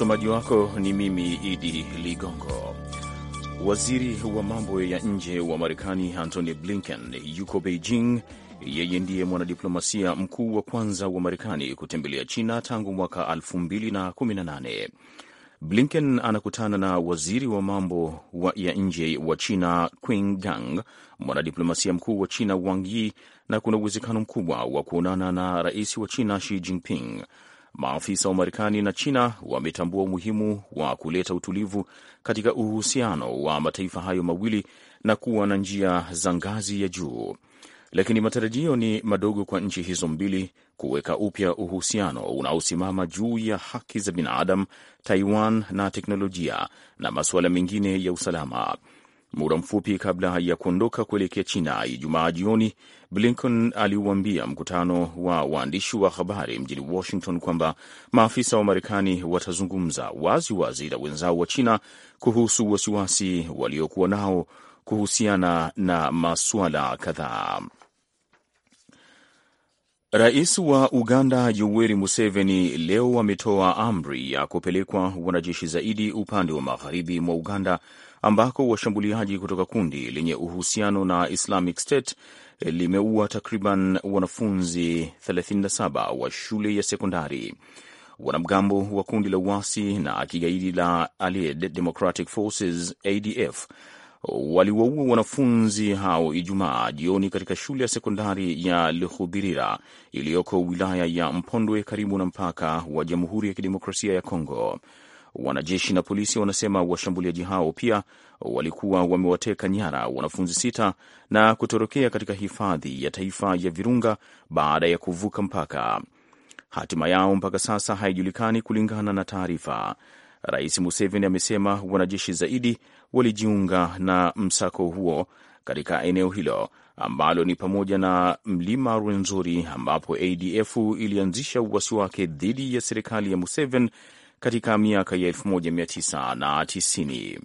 Msomaji wako ni mimi Idi Ligongo. Waziri wa mambo ya nje wa Marekani Antony Blinken yuko Beijing. Yeye ndiye mwanadiplomasia mkuu wa kwanza wa Marekani kutembelea China tangu mwaka 2018. Blinken anakutana na waziri wa mambo wa ya nje wa China Qin Gang, mwanadiplomasia mkuu wa China Wang Yi, na kuna uwezekano mkubwa wa kuonana na rais wa China Xi Jinping maafisa wa Marekani na China wametambua umuhimu wa kuleta utulivu katika uhusiano wa mataifa hayo mawili na kuwa na njia za ngazi ya juu, lakini matarajio ni madogo kwa nchi hizo mbili kuweka upya uhusiano unaosimama juu ya haki za binadamu, Taiwan na teknolojia na masuala mengine ya usalama. Muda mfupi kabla ya kuondoka kuelekea China Ijumaa jioni, Blinken aliuambia mkutano wa waandishi wa habari mjini Washington kwamba maafisa wa Marekani watazungumza wazi wazi na wenzao wa China kuhusu wasiwasi waliokuwa nao kuhusiana na masuala kadhaa. Rais wa Uganda Yoweri Museveni leo ametoa amri ya kupelekwa wanajeshi zaidi upande wa magharibi mwa Uganda ambako washambuliaji kutoka kundi lenye uhusiano na Islamic State eh, limeua takriban wanafunzi 37 wa shule ya sekondari. Wanamgambo wa kundi la uasi na kigaidi la Allied Democratic Forces ADF waliwaua wanafunzi hao Ijumaa jioni katika shule ya sekondari ya Luhubirira iliyoko wilaya ya Mpondwe karibu na mpaka wa Jamhuri ya Kidemokrasia ya Kongo. Wanajeshi na polisi wanasema washambuliaji hao pia walikuwa wamewateka nyara wanafunzi sita na kutorokea katika hifadhi ya taifa ya Virunga baada ya kuvuka mpaka. Hatima yao mpaka sasa haijulikani, kulingana na taarifa. Rais Museveni amesema wanajeshi zaidi walijiunga na msako huo katika eneo hilo ambalo ni pamoja na mlima Rwenzori ambapo ADF ilianzisha uwasi wake dhidi ya serikali ya Museveni katika miaka ya 1990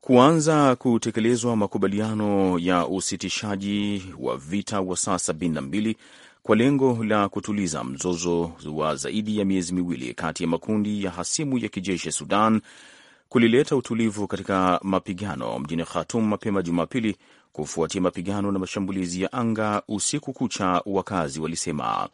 kuanza kutekelezwa makubaliano ya usitishaji wa vita wa saa 72 kwa lengo la kutuliza mzozo wa zaidi ya miezi miwili kati ya makundi ya hasimu ya kijeshi ya Sudan kulileta utulivu katika mapigano mjini Khartoum mapema Jumapili kufuatia mapigano na mashambulizi ya anga usiku kucha, wakazi walisema.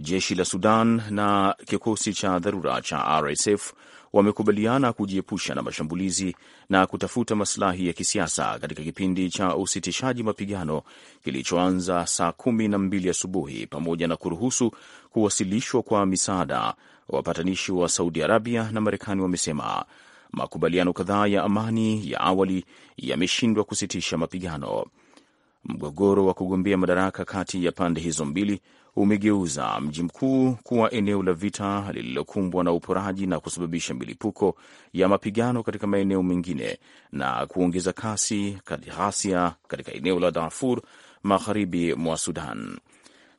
Jeshi la Sudan na kikosi cha dharura cha RSF wamekubaliana kujiepusha na mashambulizi na kutafuta masilahi ya kisiasa katika kipindi cha usitishaji mapigano kilichoanza saa kumi na mbili asubuhi pamoja na kuruhusu kuwasilishwa kwa misaada. Wapatanishi wa Saudi Arabia na Marekani wamesema makubaliano kadhaa ya amani ya awali yameshindwa kusitisha mapigano. Mgogoro wa kugombea madaraka kati ya pande hizo mbili umegeuza mji mkuu kuwa eneo la vita lililokumbwa na uporaji na kusababisha milipuko ya mapigano katika maeneo mengine na kuongeza kasi ghasia katika eneo la Darfur magharibi mwa Sudan.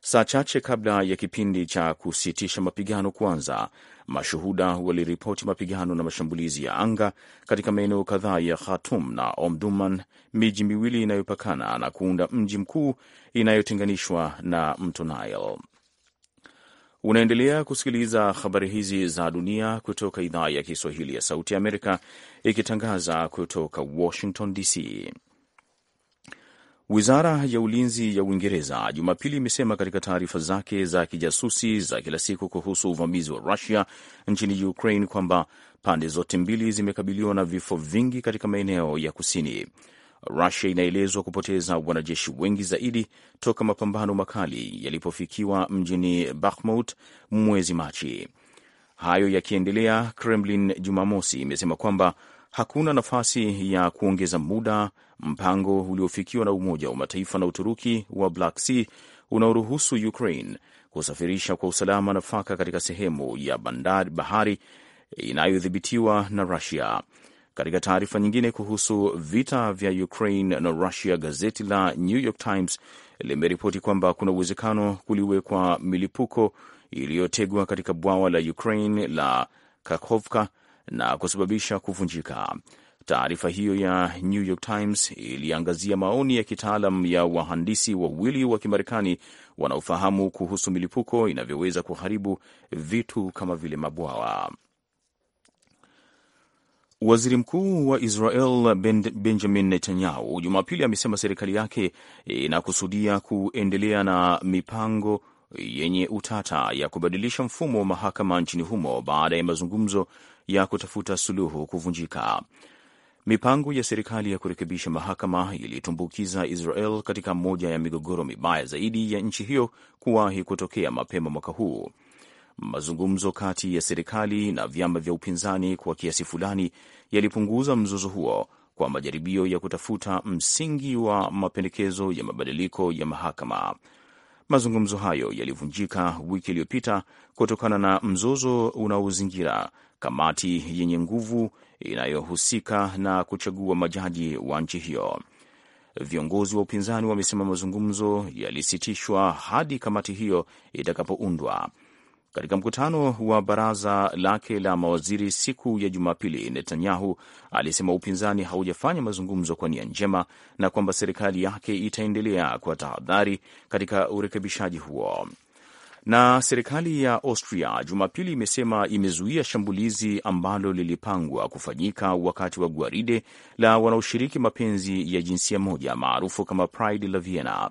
Saa chache kabla ya kipindi cha kusitisha mapigano kuanza, mashuhuda waliripoti mapigano na mashambulizi ya anga katika maeneo kadhaa ya Khartoum na Omdurman, miji miwili inayopakana na kuunda mji mkuu inayotenganishwa na mto Nile. Unaendelea kusikiliza habari hizi za dunia kutoka idhaa ya Kiswahili ya Sauti ya Amerika, ikitangaza kutoka Washington DC. Wizara ya ulinzi ya Uingereza Jumapili imesema katika taarifa zake za kijasusi za kila siku kuhusu uvamizi wa Rusia nchini Ukraine kwamba pande zote mbili zimekabiliwa na vifo vingi katika maeneo ya kusini. Rusia inaelezwa kupoteza wanajeshi wengi zaidi toka mapambano makali yalipofikiwa mjini Bakhmut mwezi Machi. Hayo yakiendelea, Kremlin Jumamosi imesema kwamba hakuna nafasi ya kuongeza muda mpango uliofikiwa na Umoja wa Mataifa na Uturuki wa Black Sea unaoruhusu Ukraine kusafirisha kwa usalama nafaka katika sehemu ya bandari bahari inayodhibitiwa na Rusia. Katika taarifa nyingine kuhusu vita vya Ukraine na Rusia, gazeti la New York Times limeripoti kwamba kuna uwezekano kuliwekwa milipuko iliyotegwa katika bwawa la Ukraine la Kakhovka na kusababisha kuvunjika. Taarifa hiyo ya New York Times iliangazia maoni ya kitaalam ya wahandisi wawili wa Kimarekani wanaofahamu kuhusu milipuko inavyoweza kuharibu vitu kama vile mabwawa. Waziri Mkuu wa Israel ben Benjamin Netanyahu Jumapili amesema serikali yake inakusudia kuendelea na mipango yenye utata ya kubadilisha mfumo wa mahakama nchini humo baada ya mazungumzo ya kutafuta suluhu kuvunjika. Mipango ya serikali ya kurekebisha mahakama ilitumbukiza Israel katika moja ya migogoro mibaya zaidi ya nchi hiyo kuwahi kutokea mapema mwaka huu. Mazungumzo kati ya serikali na vyama vya upinzani kwa kiasi fulani yalipunguza mzozo huo kwa majaribio ya kutafuta msingi wa mapendekezo ya mabadiliko ya mahakama. Mazungumzo hayo yalivunjika wiki iliyopita kutokana na mzozo unaozingira kamati yenye nguvu inayohusika na kuchagua majaji wa nchi hiyo. Viongozi wa upinzani wamesema mazungumzo yalisitishwa hadi kamati hiyo itakapoundwa. Katika mkutano wa baraza lake la mawaziri siku ya Jumapili, Netanyahu alisema upinzani haujafanya mazungumzo kwa nia njema na kwamba serikali yake itaendelea kwa tahadhari katika urekebishaji huo. Na serikali ya Austria Jumapili imesema imezuia shambulizi ambalo lilipangwa kufanyika wakati wa gwaride la wanaoshiriki mapenzi ya jinsia moja maarufu kama Pride la Vienna.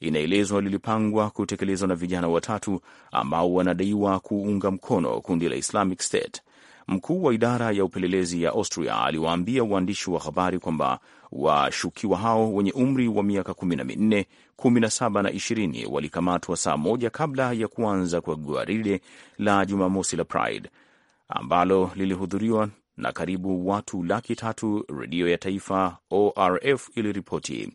Inaelezwa lilipangwa kutekelezwa na vijana watatu ambao wanadaiwa kuunga mkono kundi la Islamic State. Mkuu wa idara ya upelelezi ya Austria aliwaambia waandishi wa habari kwamba washukiwa hao wenye umri wa miaka 14, 17 na 20 walikamatwa saa moja kabla ya kuanza kwa gwaride la Jumamosi la Pride ambalo lilihudhuriwa na karibu watu laki tatu, redio ya taifa ORF iliripoti.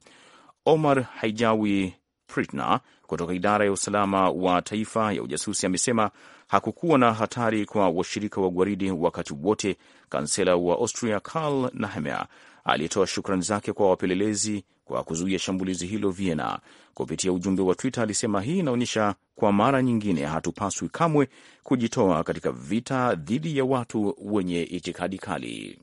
Omar Haijawi Pritner kutoka idara ya usalama wa taifa ya ujasusi amesema hakukuwa na hatari kwa washirika wa gwaridi wakati wote. Kansela wa Austria Karl Nahemer aliyetoa shukrani zake kwa wapelelezi kwa kuzuia shambulizi hilo Vienna. Kupitia ujumbe wa Twitter alisema hii inaonyesha kwa mara nyingine, hatupaswi kamwe kujitoa katika vita dhidi ya watu wenye itikadi kali.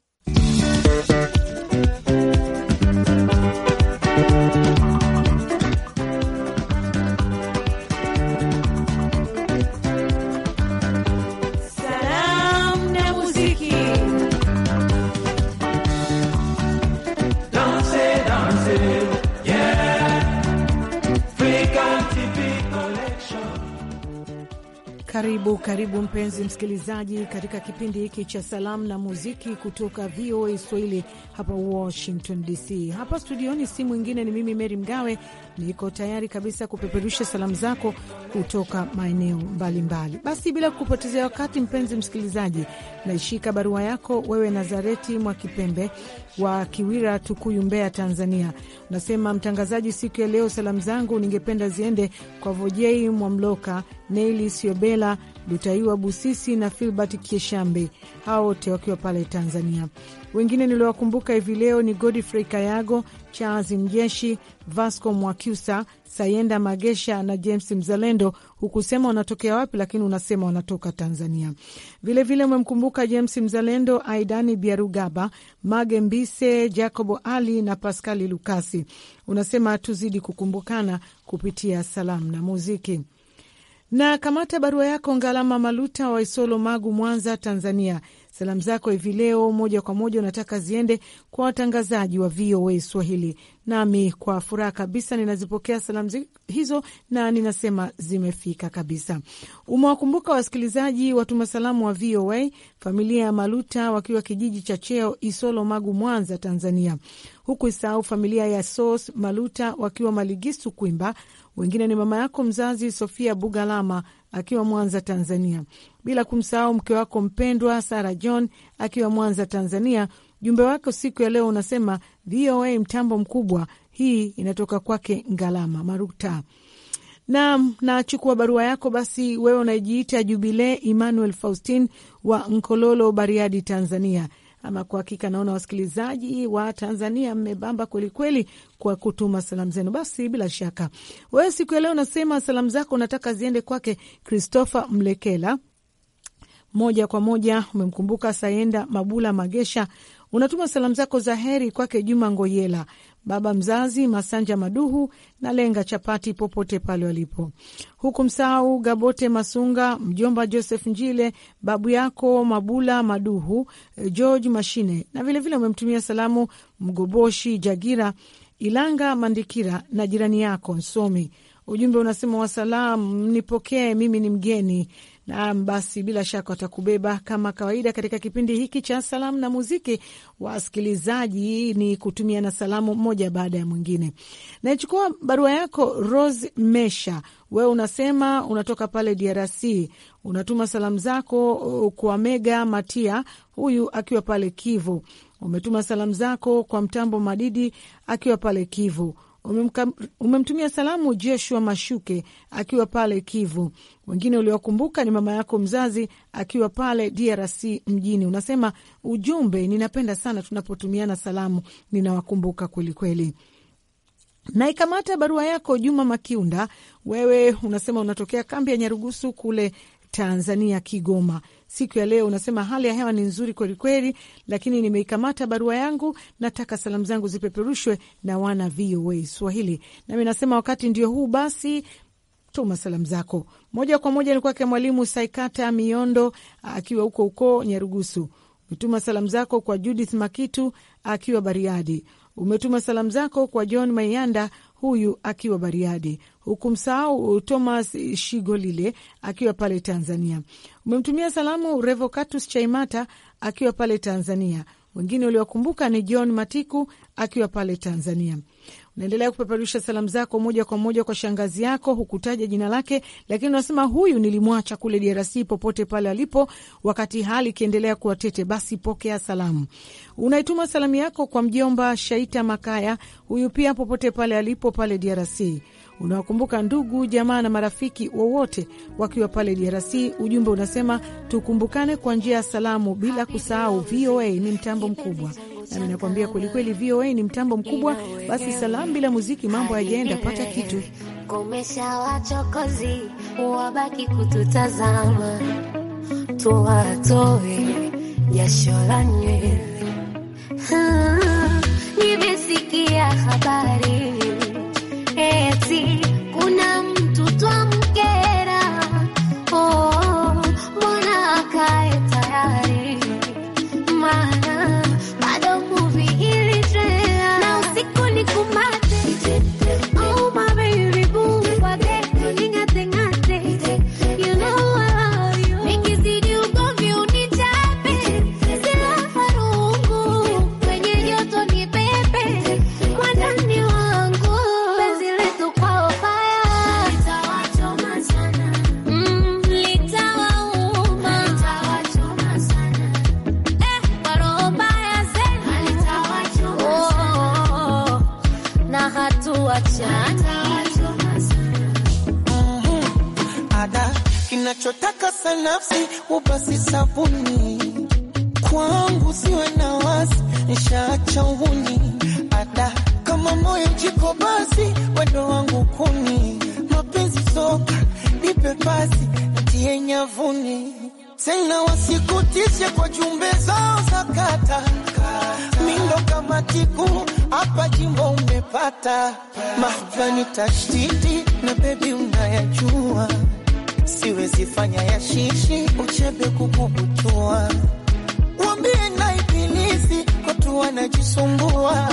Karibu karibu mpenzi msikilizaji, katika kipindi hiki cha salamu na muziki kutoka VOA Swahili hapa Washington DC. Hapa studioni si mwingine, ni mimi Meri Mgawe, niko tayari kabisa kupeperusha salamu zako kutoka maeneo mbalimbali. Basi bila kupotezea wakati, mpenzi msikilizaji, naishika barua yako wewe, Nazareti Mwakipembe wa Kiwira, Tukuyu, Mbeya, Tanzania. Unasema mtangazaji, siku ya leo salamu zangu ningependa ziende kwa Vojei Mwamloka, Neili Siobela, Lutaiwa Busisi na Filbert Kieshambe, hawa wote wakiwa pale Tanzania. Wengine niliowakumbuka hivi leo ni Godfrey Kayago, Charles Mjeshi, Vasco Mwakyusa, Sayenda Magesha na James Mzalendo. Hukusema wanatokea wapi, lakini unasema wanatoka Tanzania. Vilevile umemkumbuka James Mzalendo, Aidani Biarugaba, Mage Mbise, Jacobo Ali na Paskali Lukasi. Unasema tuzidi kukumbukana kupitia salamu na muziki na kamata barua yako Ngalama Maluta wa Isolo, Magu, Mwanza, Tanzania. Salamu zako hivi leo moja kwa moja unataka ziende kwa watangazaji wa VOA Swahili, nami kwa furaha kabisa ninazipokea salamu hizo na ninasema zimefika kabisa. Umewakumbuka wasikilizaji watuma salamu wa VOA, familia ya Maluta wakiwa kijiji cha Cheo Isolo, Magu, Mwanza, Tanzania, huku isahau familia ya Sos Maluta wakiwa Maligisu Kwimba. Wengine ni mama yako mzazi Sofia Bugalama akiwa Mwanza, Tanzania, bila kumsahau mke wako mpendwa Sara John akiwa Mwanza, Tanzania. Jumbe wako siku ya leo unasema VOA mtambo mkubwa. Hii inatoka kwake Ngalama Maruta. Naam, nachukua barua yako basi. Wewe unajiita Jubilee Emmanuel Faustin wa Nkololo, Bariadi, Tanzania. Ama kwa hakika naona wasikilizaji wa Tanzania mmebamba kwelikweli kwa kutuma salamu zenu. Basi bila shaka wewe siku ya leo unasema salamu zako unataka ziende kwake Christopher Mlekela moja kwa moja umemkumbuka Sayenda Mabula Magesha, unatuma salamu zako za heri kwake Juma Ngoyela, baba mzazi Masanja Maduhu na Lenga Chapati popote pale walipo, huku msahau Gabote Masunga, mjomba Joseph Njile, babu yako Mabula Maduhu, George Mashine, na vilevile umemtumia vile salamu Mgoboshi Jagira Ilanga Mandikira na jirani yako Nsomi. Ujumbe unasema wasalam, nipokee, mimi ni mgeni Naam, basi bila shaka watakubeba kama kawaida katika kipindi hiki cha salamu na muziki. Wasikilizaji ni kutumia na salamu moja baada ya mwingine. Naichukua barua yako Rose Mesha, wewe unasema unatoka pale DRC, unatuma salamu zako uh, kwa Mega Matia, huyu akiwa pale Kivu. Umetuma salamu zako kwa Mtambo Madidi akiwa pale Kivu umemtumia salamu Joshua Mashuke akiwa pale Kivu. Wengine uliwakumbuka ni mama yako mzazi akiwa pale DRC mjini. Unasema ujumbe, ninapenda sana tunapotumiana salamu, ninawakumbuka kwelikweli. Naikamata barua yako Juma Makiunda, wewe unasema unatokea kambi ya Nyarugusu kule Tanzania, Kigoma siku ya leo unasema hali ya hewa ni nzuri kwelikweli, lakini nimeikamata barua yangu, nataka salamu zangu zipeperushwe na wana VOA Swahili. Nami nasema wakati ndio huu, basi tuma salamu zako moja kwa moja. Ni kwake Mwalimu Saikata Miondo akiwa huko huko Nyarugusu. Umetuma salamu zako kwa Judith Makitu akiwa Bariadi. Umetuma salamu zako kwa John Mayanda huyu akiwa Bariadi, huku msahau uh, Thomas Shigolile akiwa pale Tanzania. Umemtumia salamu Revocatus Chaimata akiwa pale Tanzania. Wengine uliwakumbuka ni John Matiku akiwa pale Tanzania. Unaendelea kupeperusha salamu zako moja kwa moja kwa shangazi yako, hukutaja jina lake, lakini unasema huyu nilimwacha kule DRC, popote pale alipo, wakati hali ikiendelea kuwa tete, basi pokea salamu. Unaituma salamu yako kwa mjomba Shaita Makaya, huyu pia popote pale alipo pale DRC unawakumbuka ndugu jamaa na marafiki wowote wakiwa pale DRC. Ujumbe unasema tukumbukane kwa njia ya salamu, bila kusahau VOA ni mtambo mkubwa. Nami nakuambia kwelikweli, VOA ni mtambo mkubwa. Basi salamu bila muziki, mambo hayajaenda pata kitu. Komesha wachokozi, wabaki kututazama, tuwatoe jasho la nywele. Nimesikia habari Ninachotaka sanafsi ubasi sabuni kwangu, siwe na wasi, nishaacha uhuni ada kama moyo jiko basi, wendo wangu kuni mapenzi soka nipe pasi ntie nyavuni tena wasikutishe kwa jumbe zao za kata mindo kama tiku hapa jimbo umepata mahvani tashtiti na bebi unayajua siwezi fanya ya shishi, uchebe kukubutua, wambie na ibilisi watu wanajisumbua,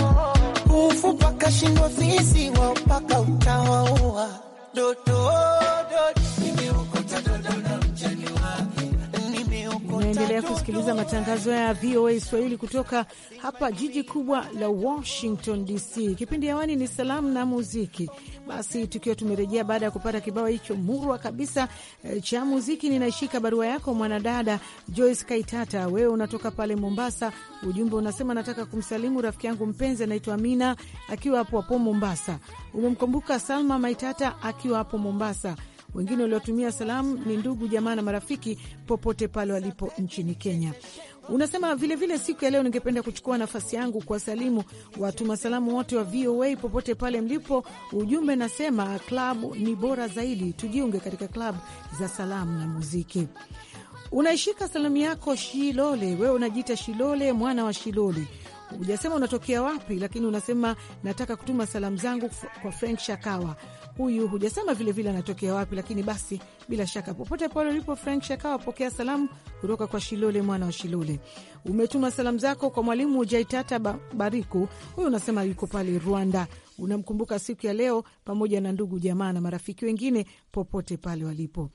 ufu paka shindo sisi wao paka utawaua dodo, dodo, Unaendelea kusikiliza matangazo ya VOA Swahili kutoka hapa jiji kubwa la Washington DC. Kipindi hewani ni salamu na muziki. Basi tukiwa tumerejea baada ya kupata kibao hicho murwa kabisa eh, cha muziki, ninaishika barua yako mwanadada Joyce Kaitata, wewe unatoka pale Mombasa. Ujumbe unasema nataka kumsalimu rafiki yangu mpenzi anaitwa Amina akiwa hapo hapo Mombasa. Umemkumbuka Salma Maitata akiwa hapo Mombasa. Wengine waliotumia salamu ni ndugu, jamaa na marafiki popote pale walipo nchini Kenya. Unasema vilevile vile, siku ya leo ningependa kuchukua nafasi yangu kuwasalimu watuma salamu wote wa VOA popote pale mlipo. Ujumbe nasema klabu ni bora zaidi, tujiunge katika klabu za salamu na muziki. Unaishika salamu yako Shilole, wewe unajiita Shilole mwana wa Shilole hujasema unatokea wapi, lakini unasema nataka kutuma salamu zangu kwa Frank Shakawa. Huyu hujasema vilevile anatokea wapi, lakini basi, bila shaka, popote pale ulipo, Frank Shakawa, pokea salamu kutoka kwa Shilole mwana wa Shilole. Umetuma salamu zako kwa mwalimu Jaitata Bariku, huyu unasema yuko pale Rwanda. Unamkumbuka siku ya leo pamoja na ndugu jamaa na marafiki wengine popote pale walipo.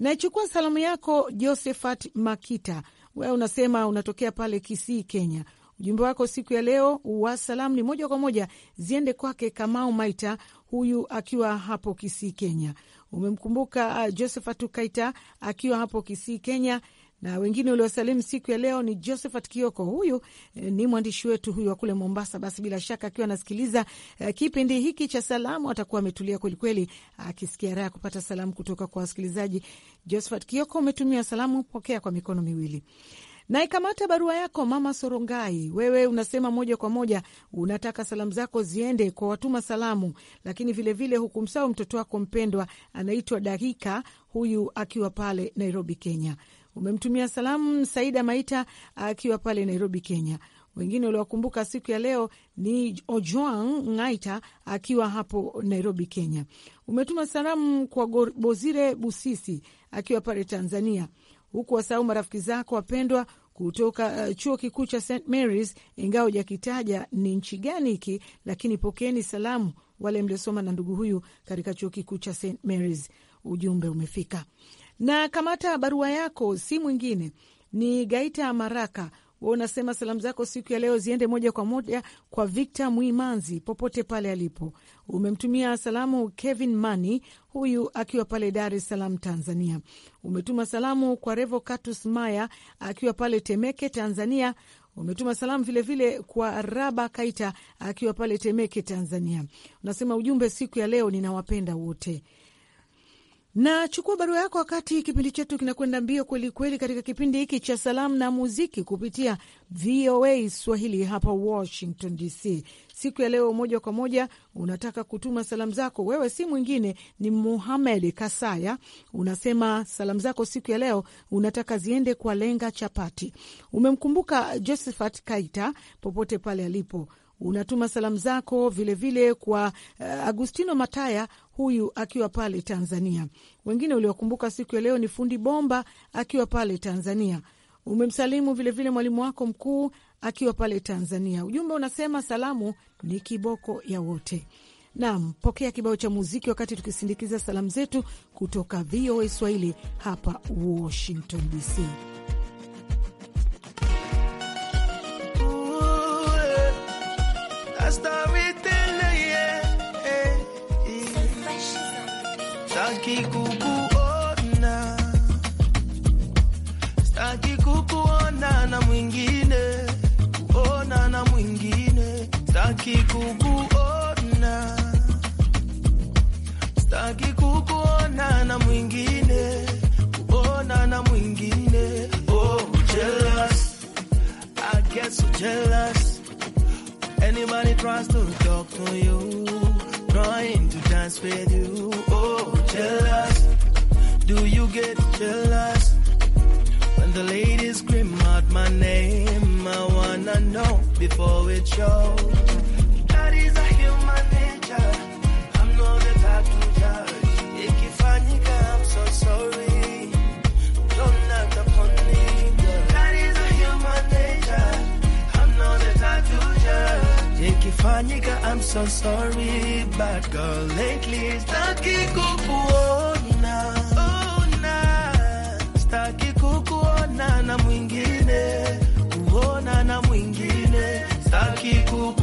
Naichukua salamu yako Josephat Makita, wewe unasema unatokea pale Kisii, Kenya. Ujumbe wako siku ya leo wa salamu ni moja kwa moja ziende kwake Kamau Maita, huyu akiwa hapo Kisii, Kenya. Umemkumbuka uh, Josephat Kaita akiwa hapo Kisii, Kenya na wengine uliosalimu siku ya leo ni Josephat Kioko, huyu eh, ni mwandishi wetu huyu wa kule Mombasa. Basi bila shaka akiwa anasikiliza eh, kipindi hiki cha salamu atakuwa ametulia kwelikweli, akisikia uh, raha kupata salamu kutoka kwa wasikilizaji. Josephat Kioko, umetumia salamu, pokea kwa mikono miwili. Naikamata barua yako Mama Sorongai. Wewe unasema moja kwa moja unataka salamu zako ziende kwa watuma salamu, lakini vilevile hukumsahau mtoto wako mpendwa anaitwa Darika, huyu akiwa pale Nairobi, Kenya. Umemtumia salamu Saida Maita akiwa pale Nairobi, Kenya. Wengine uliwakumbuka siku ya leo ni Ojuang Ngaita akiwa hapo Nairobi, Kenya. Umetuma salamu kwa Bozire Busisi akiwa pale Tanzania, huku wasahau marafiki zako wapendwa kutoka uh, chuo kikuu cha St Marys, ingawa hujakitaja ni nchi gani hiki, lakini pokeeni salamu wale mliosoma na ndugu huyu katika chuo kikuu cha St Marys. Ujumbe umefika. Na kamata barua yako, si mwingine ni Gaita Maraka we unasema salamu zako siku ya leo ziende moja kwa moja kwa Victor Mwimanzi popote pale alipo. Umemtumia salamu Kevin Mani, huyu akiwa pale Dar es Salaam, Tanzania. Umetuma salamu kwa Revo Katus Maya akiwa pale Temeke, Tanzania. Umetuma salamu vilevile vile kwa Raba Kaita akiwa pale Temeke, Tanzania. Unasema ujumbe siku ya leo, ninawapenda wote na chukua barua yako wakati kipindi chetu kinakwenda mbio kweli kweli, katika kipindi hiki cha salamu na muziki kupitia VOA Swahili hapa Washington DC. Siku ya leo moja kwa moja unataka kutuma salamu zako, wewe si mwingine ni Muhamed Kasaya. Unasema salamu zako siku ya leo unataka ziende kwa Lenga Chapati. Umemkumbuka Josephat Kaita popote pale alipo unatuma salamu zako vilevile vile kwa uh, Agustino Mataya huyu akiwa pale Tanzania. Wengine uliokumbuka siku ya leo ni fundi bomba akiwa pale Tanzania. Umemsalimu vilevile mwalimu wako mkuu akiwa pale Tanzania. Ujumbe unasema salamu ni kiboko ya wote. Naam, pokea kibao cha muziki wakati tukisindikiza salamu zetu kutoka VOA Swahili hapa Washington DC. Ooh, Staki kukuona, staki kukuona na mwingine, kuona na mwingine, staki kukuona, staki kukuona na mwingine, kuona na mwingine. Oh, jealous. I get so jealous. Anybody tries to talk to you, trying to dance with you jealous? Do you get jealous? When the ladies scream out my name, I wanna know before it shows. kilichofanyika, I'm so sorry but girl, lately staki kukuona, oh, nah. Staki kukuona na mwingine, kuona na mwingine, staki kukuona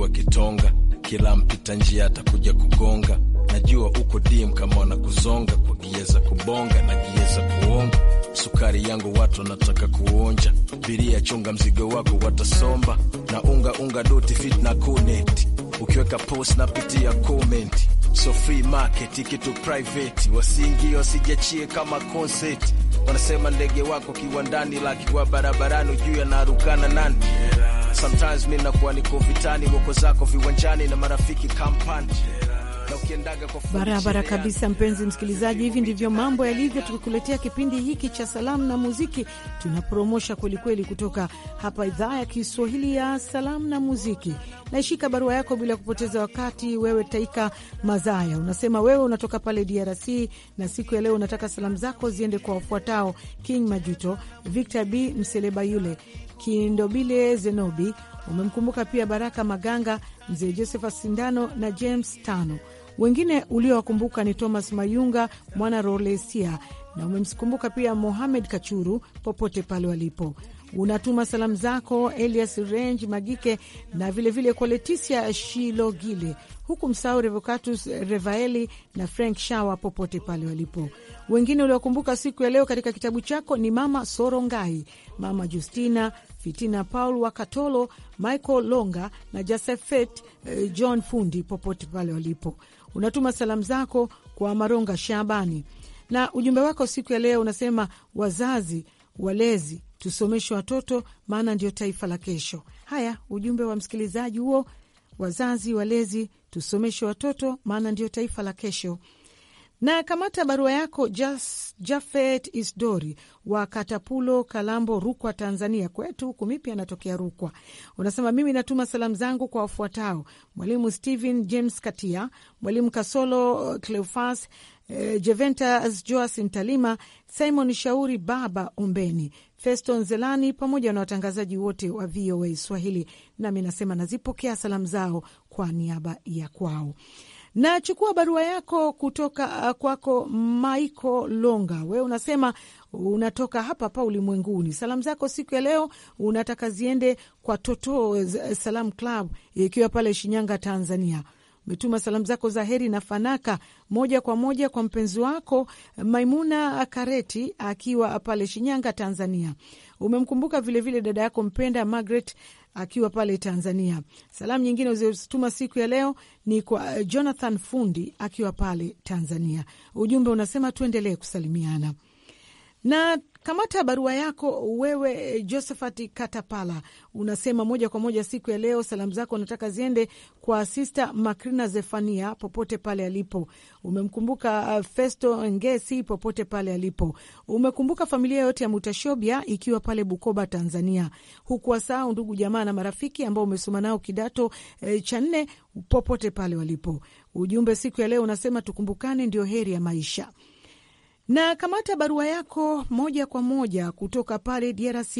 wa kitonga, kila mpita njia atakuja kugonga. Najua uko dim kama na kuzonga, kugieza kubonga na gieza kuonga. Sukari yangu watu wanataka kuonja, biria chunga mzigo wako watasomba, na unga unga doti fit na kunet, ukiweka post na pitia So free market ikitu private wasingi wasijachie kama concert. Wanasema ndege wako kiwandani, lakiwa barabarani, juu yanarukana nani? Sometimes mi nakuwa niko vitani, wako zako viwanjani na marafiki kampani barabara kabisa. Mpenzi msikilizaji, hivi ndivyo mambo yalivyo, tukikuletea kipindi hiki cha salamu na muziki. Tunapromosha kwelikweli kutoka hapa idhaa ya Kiswahili ya salamu na muziki. Naishika barua yako bila kupoteza wakati. Wewe Taika Mazaya unasema wewe unatoka pale DRC na siku ya leo unataka salamu zako ziende kwa wafuatao: King Majuto, Victor B Mseleba, yule Kindobile Zenobi. Umemkumbuka pia Baraka Maganga, mzee Josepha Sindano na James Tano. Wengine uliowakumbuka ni Thomas Mayunga, mwana Rolesia, na umemkumbuka pia Mohamed Kachuru popote pale walipo unatuma salamu zako Elias Range Magike na vilevile kwa Leticia Shilogile, huku msahau Revocatus Revaeli na Frank Shawa popote pale walipo. Wengine uliokumbuka siku ya leo katika kitabu chako ni Mama Sorongai, Mama Justina Fitina, Paul Wakatolo, Michael Longa na Josephet eh, John Fundi popote pale walipo. Unatuma salamu zako kwa Maronga Shabani na ujumbe wako siku ya leo unasema wazazi walezi Tusomeshe watoto, maana ndio taifa la kesho. Haya, ujumbe wa msikilizaji huo. Wazazi walezi, tusomeshe watoto, maana ndio taifa la kesho. Na kamata barua yako Jafet Isdori wa Katapulo, Kalambo, Rukwa, Tanzania kwetu huku mipya anatokea Rukwa. Unasema mimi natuma salamu zangu kwa wafuatao: Mwalimu Stephen James Katia, Mwalimu Kasolo Cleofas, eh, Jeventas Joas ntalima Simon Shauri, Baba umbeni Festo Nzelani pamoja na watangazaji wote wa VOA Swahili. Nami nasema nazipokea salamu zao kwa niaba ya kwao. Nachukua barua yako kutoka uh, kwako Maiko Longa. Wewe unasema unatoka hapa hapa ulimwenguni. Salamu zako siku ya leo unataka ziende kwa Toto uh, Salam Club ikiwa pale Shinyanga, Tanzania. Umetuma salamu zako za heri na fanaka moja kwa moja kwa mpenzi wako Maimuna Kareti akiwa pale Shinyanga, Tanzania. Umemkumbuka vilevile dada yako mpenda Margaret akiwa pale Tanzania. Salamu nyingine uzituma siku ya leo ni kwa eh, Jonathan Fundi akiwa pale Tanzania. Ujumbe unasema tuendelee kusalimiana na Kamata barua yako wewe, Josephat Katapala, unasema moja kwa moja siku ya leo, salamu zako unataka ziende kwa Sista Makrina Zefania popote pale alipo. Umemkumbuka uh, Festo Ngesi popote pale alipo. Umekumbuka familia yote ya Mutashobia ikiwa pale Bukoba, Tanzania, huku wasahau ndugu jamaa na marafiki ambao umesoma nao kidato e, cha nne popote pale walipo. Ujumbe siku ya leo unasema tukumbukane, ndio heri ya maisha. Na kamata barua yako moja kwa moja kutoka pale DRC.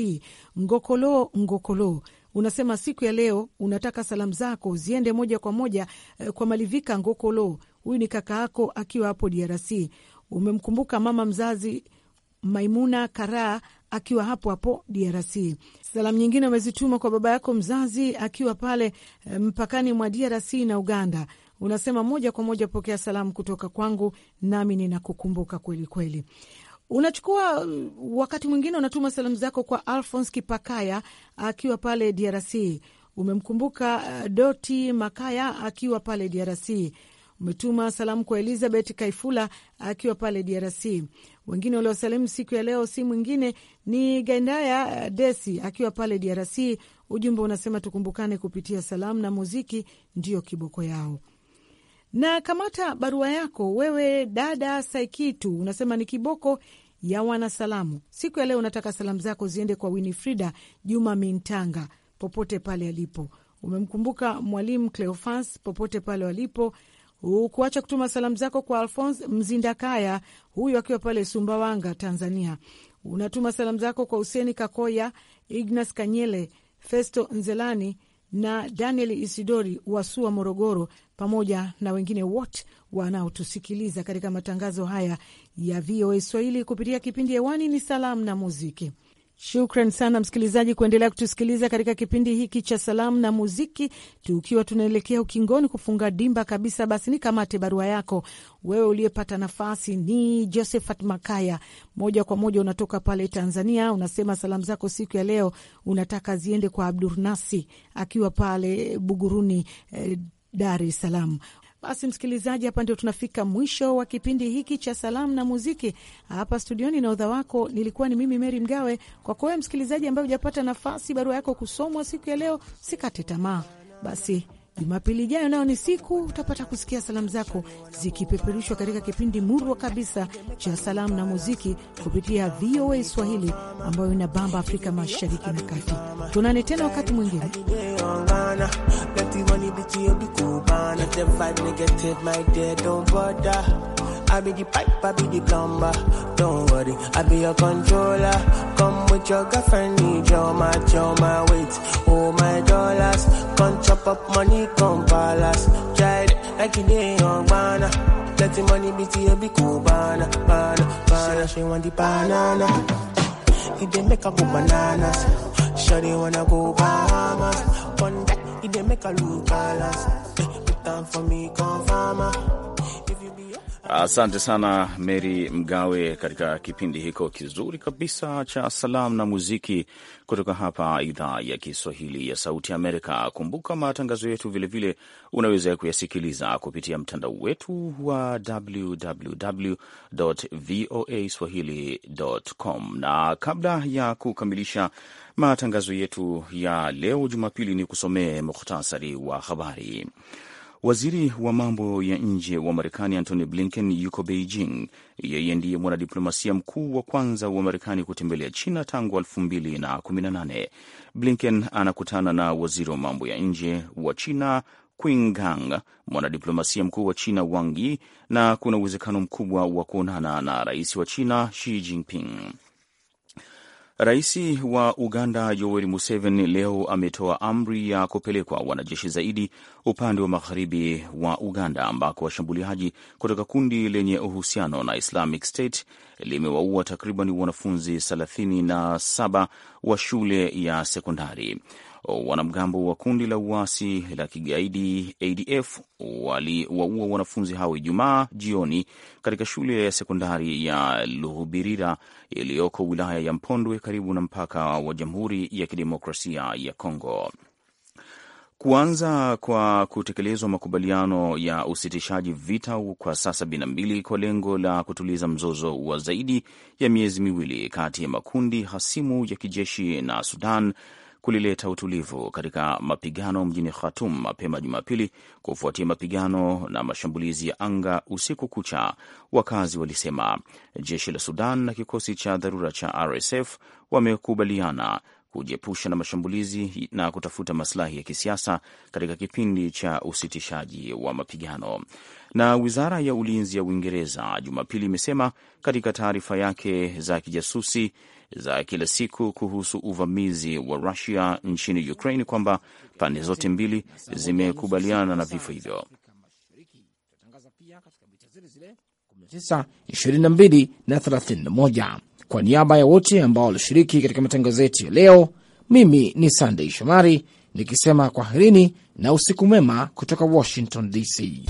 Ngokolo Ngokolo unasema siku ya leo unataka salamu zako ziende moja kwa moja eh, kwa Malivika Ngokolo, huyu ni kaka yako akiwa hapo DRC. Umemkumbuka mama mzazi Maimuna Karaa akiwa hapo hapo DRC. Salamu nyingine umezituma kwa baba yako mzazi akiwa pale eh, mpakani mwa DRC na Uganda unasema moja kwa moja, pokea salamu kutoka kwangu, nami ninakukumbuka kweli kweli. Unachukua uh, wakati mwingine, unatuma salamu zako kwa Alfons Kipakaya akiwa pale DRC. Umemkumbuka uh, Doti Makaya akiwa pale DRC. Umetuma salamu kwa Elizabeth Kaifula akiwa pale DRC. Wengine waliosalimu siku ya leo si mwingine ni Gaindaya uh, Desi akiwa pale DRC. Ujumbe unasema tukumbukane kupitia salamu na muziki, ndiyo kiboko yao. Na kamata barua yako wewe, dada Saikitu, unasema ni kiboko ya wanasalamu. Siku ya leo unataka salamu zako ziende kwa Winifrida Juma Mintanga popote pale alipo. Umemkumbuka mwalimu Cleofas popote pale walipo, kuacha kutuma salamu zako kwa Alfons Mzindakaya, huyu akiwa pale Sumbawanga, Tanzania. Unatuma salamu zako kwa Huseni Kakoya, Ignas Kanyele, Festo Nzelani, na Daniel Isidori Wasua, Morogoro, pamoja na wengine wote wanaotusikiliza katika matangazo haya ya VOA Swahili kupitia kipindi hewani ni salamu na muziki. Shukran sana msikilizaji kuendelea kutusikiliza katika kipindi hiki cha salamu na muziki, tukiwa tunaelekea ukingoni kufunga dimba kabisa. Basi nikamate barua yako wewe uliyepata nafasi. Ni Josephat Makaya, moja kwa moja unatoka pale Tanzania. Unasema salamu zako siku ya leo unataka ziende kwa Abdurnasi akiwa pale Buguruni, eh, Dar es Salaam. Basi msikilizaji, hapa ndio tunafika mwisho wa kipindi hiki cha salamu na muziki hapa studioni, na udha wako nilikuwa ni mimi Meri Mgawe. Kwako wewe msikilizaji ambaye hujapata nafasi barua yako kusomwa siku ya leo, sikate tamaa. Basi Jumapili ijayo nayo ni siku utapata kusikia salamu zako zikipeperushwa katika kipindi murwa kabisa cha salamu na muziki kupitia VOA Swahili ambayo ina bamba Afrika Mashariki na Kati. Tuonane tena wakati mwingine. them vibe negative, my dear, don't bother. I be the pipe, I be the plumber. Don't worry, I be your controller. Come with your girlfriend, need your match, your my weight. Oh my dollars, come chop up money, come palace. Try it like you did on banana. Let the money be to you, be cool, banana, banana, banana. She want the banana. He they make a go bananas, sure they wanna go Bahamas. One day, he they make a look balance. Asante sana Mary Mgawe katika kipindi hiko kizuri kabisa cha salamu na muziki kutoka hapa idhaa ya Kiswahili ya Sauti Amerika. Kumbuka matangazo yetu vilevile vile unaweza kuyasikiliza kupitia mtandao wetu wa www voa swahili.com, na kabla ya kukamilisha matangazo yetu ya leo Jumapili, ni kusomee muhtasari wa habari. Waziri wa mambo ya nje wa Marekani Antony Blinken yuko Beijing. Yeye ndiye mwanadiplomasia mkuu wa kwanza wa Marekani kutembelea China tangu 2018. Blinken anakutana na waziri wa mambo ya nje wa China Qin Gang, mwanadiplomasia mkuu wa China Wang Yi, na kuna uwezekano mkubwa wa kuonana na rais wa China Xi Jinping. Rais wa Uganda Yoweri Museveni leo ametoa amri ya kupelekwa wanajeshi zaidi upande wa magharibi wa Uganda ambako washambuliaji kutoka kundi lenye uhusiano na Islamic State limewaua takriban wanafunzi 37 wa shule ya sekondari wanamgambo wa kundi la uasi la kigaidi ADF waliwaua wanafunzi hao Ijumaa jioni katika shule ya sekondari ya Luhubirira iliyoko wilaya ya Mpondwe karibu na mpaka wa Jamhuri ya Kidemokrasia ya Kongo. Kuanza kwa kutekelezwa makubaliano ya usitishaji vita kwa saa sabini na mbili kwa lengo la kutuliza mzozo wa zaidi ya miezi miwili kati ya makundi hasimu ya kijeshi na Sudan kulileta utulivu katika mapigano mjini Khartoum mapema Jumapili kufuatia mapigano na mashambulizi ya anga usiku kucha. Wakazi walisema jeshi la Sudan na kikosi cha dharura cha RSF wamekubaliana kujiepusha na mashambulizi na kutafuta masilahi ya kisiasa katika kipindi cha usitishaji wa mapigano. Na wizara ya ulinzi ya Uingereza Jumapili imesema katika taarifa yake za kijasusi za kila siku kuhusu uvamizi wa Rusia nchini Ukraine kwamba pande zote mbili zimekubaliana na vifo hivyo. Kwa niaba ya wote ambao walishiriki katika matangazo yetu ya leo, mimi ni Sandei Shomari nikisema kwaherini na usiku mwema kutoka Washington DC.